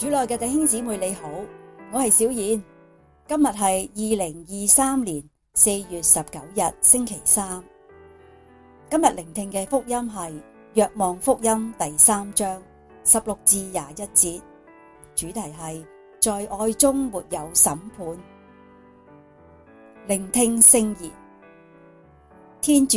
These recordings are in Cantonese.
主內嘅弟兄姊妹你好，我係小燕。今日係二零二三年四月十九日星期三。今日聆聽嘅福音係《若望福音》第三章十六至廿一節，主題係在愛中沒有審判。聆聽聖言，天主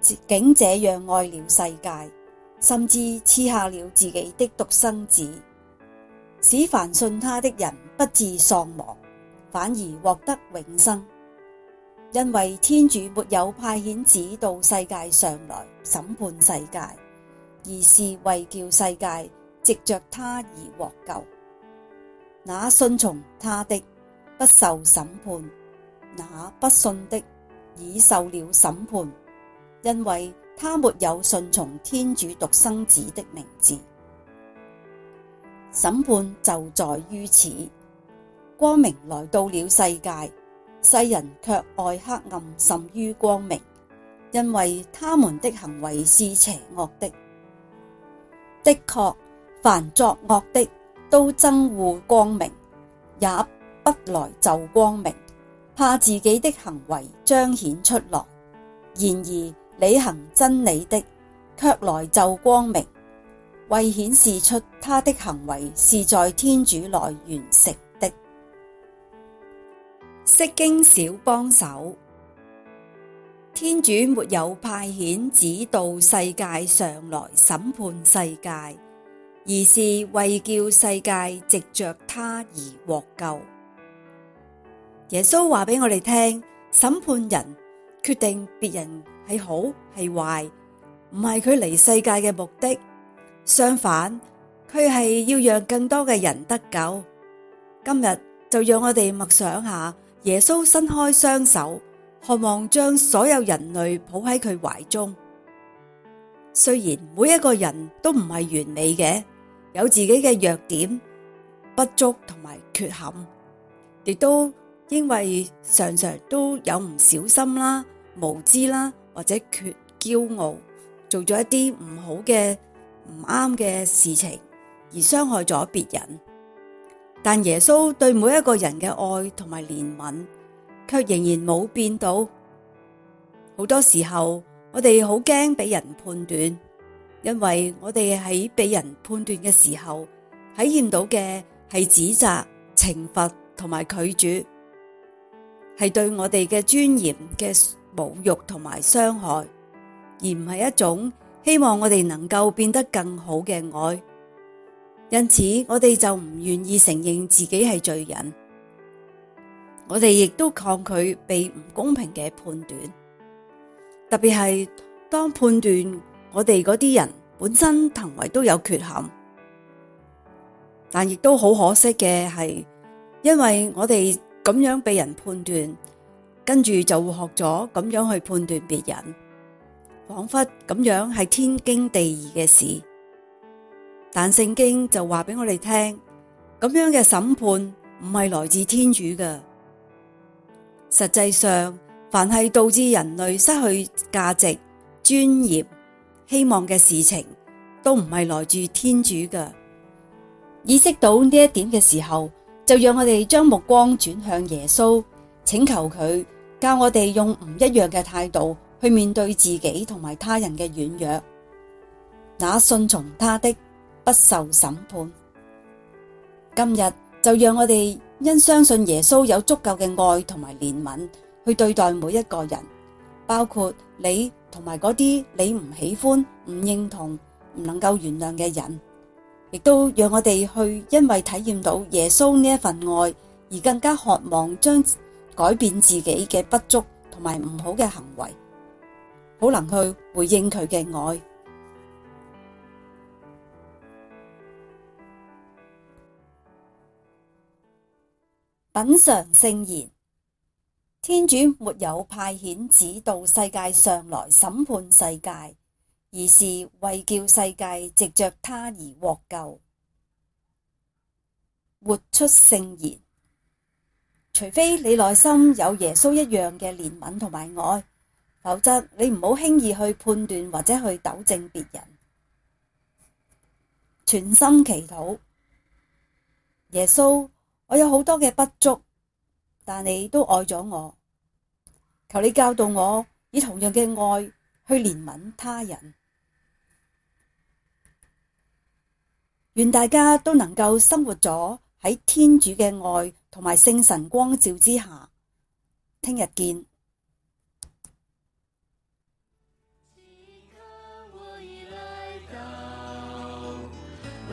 竟這樣愛了世界，甚至賜下了自己的獨生子。使凡信他的人不致喪亡，反而獲得永生。因為天主沒有派遣子到世界上來審判世界，而是為叫世界藉着他而獲救。那信從他的不受審判，那不信的已受了審判，因為他沒有信從天主獨生子的名字。審判就在於此，光明來到了世界，世人卻愛黑暗甚於光明，因為他們的行為是邪惡的。的確，凡作惡的都憎惡光明，也不來就光明，怕自己的行為彰顯出來。然而，履行真理的，卻來就光明。為顯示出他的行為是在天主內完成的，釋經小幫手，天主沒有派遣子到世界上來審判世界，而是為叫世界藉着他而獲救。耶穌話俾我哋聽，審判人決定別人係好係壞，唔係佢嚟世界嘅目的。相反，佢係要讓更多嘅人得救。今日就讓我哋默想下，耶穌伸開雙手，渴望將所有人類抱喺佢懷中。雖然每一個人都唔係完美嘅，有自己嘅弱點、不足同埋缺陷，亦都因為常常都有唔小心啦、無知啦或者缺驕傲，做咗一啲唔好嘅。唔啱嘅事情而傷害咗別人，但耶穌對每一個人嘅愛同埋憐憫，卻仍然冇變到。好多時候，我哋好驚俾人判斷，因為我哋喺俾人判斷嘅時候，體驗到嘅係指責、懲罰同埋拒絕，係對我哋嘅尊嚴嘅侮辱同埋傷害，而唔係一種。希望我哋能夠變得更好嘅愛，因此我哋就唔願意承認自己係罪人。我哋亦都抗拒被唔公平嘅判斷，特別係當判斷我哋嗰啲人本身行為都有缺陷，但亦都好可惜嘅係，因為我哋咁樣被人判斷，跟住就會學咗咁樣去判斷別人。仿佛咁樣係天經地義嘅事，但聖經就話俾我哋聽，咁樣嘅審判唔係來自天主嘅。實際上，凡係導致人類失去價值、尊嚴、希望嘅事情，都唔係來自天主嘅。意識到呢一點嘅時候，就讓我哋將目光轉向耶穌，請求佢教我哋用唔一樣嘅態度。去面對自己同埋他人嘅軟弱，好能去回應佢嘅愛，品嚐聖言。天主沒有派遣子到世界上來審判世界，而是為叫世界藉著他而獲救，活出聖言。除非你內心有耶穌一樣嘅憐憫同埋愛。否則你唔好輕易去判斷或者去糾正別人。全心祈禱，耶穌，我有好多嘅不足，但你都愛咗我。求你教導我以同樣嘅愛去憐憫他人。願大家都能夠生活咗喺天主嘅愛同埋聖神光照之下。聽日見。